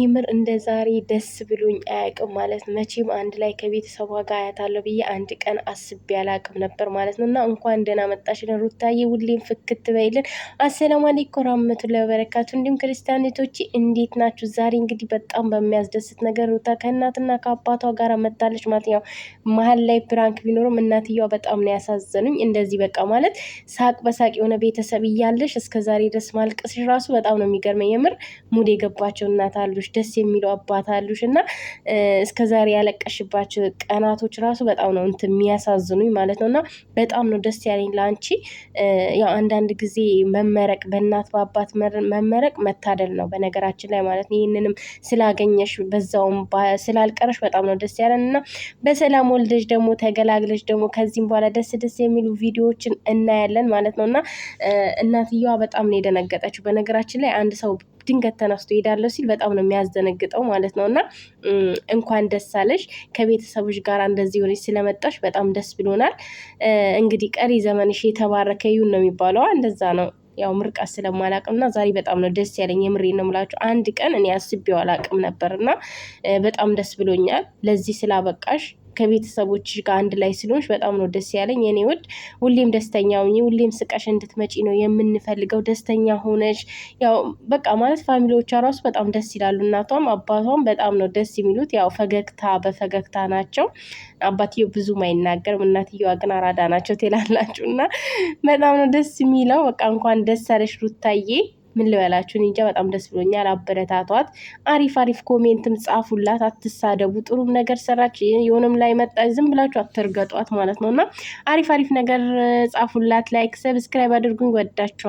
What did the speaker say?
የምር እንደ ዛሬ ደስ ብሎኝ አያውቅም ማለት ነው። መቼም አንድ ላይ ከቤተሰቧ ጋር አያታለሁ ብዬ አንድ ቀን አስቤ አላውቅም ነበር ማለት ነው። እና እንኳን ደህና መጣሽልን ሩታዬ፣ ሁሌም ፍክት በይልን። አሰላሙ አለይኩም ወራህመቱላሂ ወበረካቱ። እንዲሁም ክርስቲያኖቶች እንዴት ናችሁ? ዛሬ እንግዲህ በጣም በሚያስደስት ነገር ሩታ ከእናትና ከአባቷ ጋር መታለች ማለት ያው መሀል ላይ ፕራንክ ቢኖርም እናትየዋ በጣም ነው ያሳዘኑኝ። እንደዚህ በቃ ማለት ሳቅ በሳቅ የሆነ ቤተሰብ እያለሽ እስከ ዛሬ ድረስ ማልቀስሽ ራሱ በጣም ነው የሚገርመኝ። የምር ሙድ የገባቸው እናት አሉ አሉሽ፣ ደስ የሚሉ አባት አሉሽ እና እስከዛሬ ያለቀሽባቸው ቀናቶች ራሱ በጣም ነው እንትን የሚያሳዝኑኝ ማለት ነው እና በጣም ነው ደስ ያለኝ ለአንቺ። ያው አንዳንድ ጊዜ መመረቅ በእናት በአባት መመረቅ መታደል ነው በነገራችን ላይ ማለት ነው። ይህንንም ስላገኘሽ በዛውም ስላልቀረሽ በጣም ነው ደስ ያለን እና በሰላም ወልደሽ ደግሞ ተገላግለሽ ደግሞ ከዚህም በኋላ ደስ ደስ የሚሉ ቪዲዮዎችን እናያለን ማለት ነው እና እናትየዋ በጣም ነው የደነገጠችው በነገራችን ላይ አንድ ሰው ድንገት ተነስቶ ይሄዳለሁ ሲል በጣም ነው የሚያስደነግጠው ማለት ነው። እና እንኳን ደስ አለሽ ከቤተሰቦች ጋር እንደዚህ ሆነች ስለመጣሽ በጣም ደስ ብሎናል። እንግዲህ ቀሪ ዘመንሽ የተባረከ ይሁን ነው የሚባለው። እንደዛ ነው ያው ምርቃት ስለማላቅም እና ዛሬ በጣም ነው ደስ ያለኝ። የምሬ ነው የምላችሁ። አንድ ቀን እኔ አስቤው አላቅም ነበር እና በጣም ደስ ብሎኛል ለዚህ ስላበቃሽ ከቤተሰቦች ጋር አንድ ላይ ስለሆንሽ በጣም ነው ደስ ያለኝ የኔ ውድ። ሁሌም ደስተኛ ሁኚ፣ ሁሌም ስቀሽ እንድትመጪ ነው የምንፈልገው። ደስተኛ ሆነሽ ያው በቃ ማለት ፋሚሊዎቿ ራሱ በጣም ደስ ይላሉ። እናቷም አባቷም በጣም ነው ደስ የሚሉት። ያው ፈገግታ በፈገግታ ናቸው። አባትዮ ብዙም አይናገርም፣ እናትየዋ ግን አራዳ ናቸው ትላላችሁ እና በጣም ነው ደስ የሚለው። በቃ እንኳን ደስ ያለሽ ሩታዬ። ምን ልበላችሁ እኔ እንጃ በጣም ደስ ብሎኛል። አበረታቷት። አሪፍ አሪፍ ኮሜንትም ጻፉላት። አትሳደቡ። ጥሩም ነገር ሰራች የሆነም ላይ መጣ፣ ዝም ብላችሁ አትርገጧት ማለት ነው እና አሪፍ አሪፍ ነገር ጻፉላት። ላይክ ሰብስክራይብ አድርጉኝ። ወዳችኋል።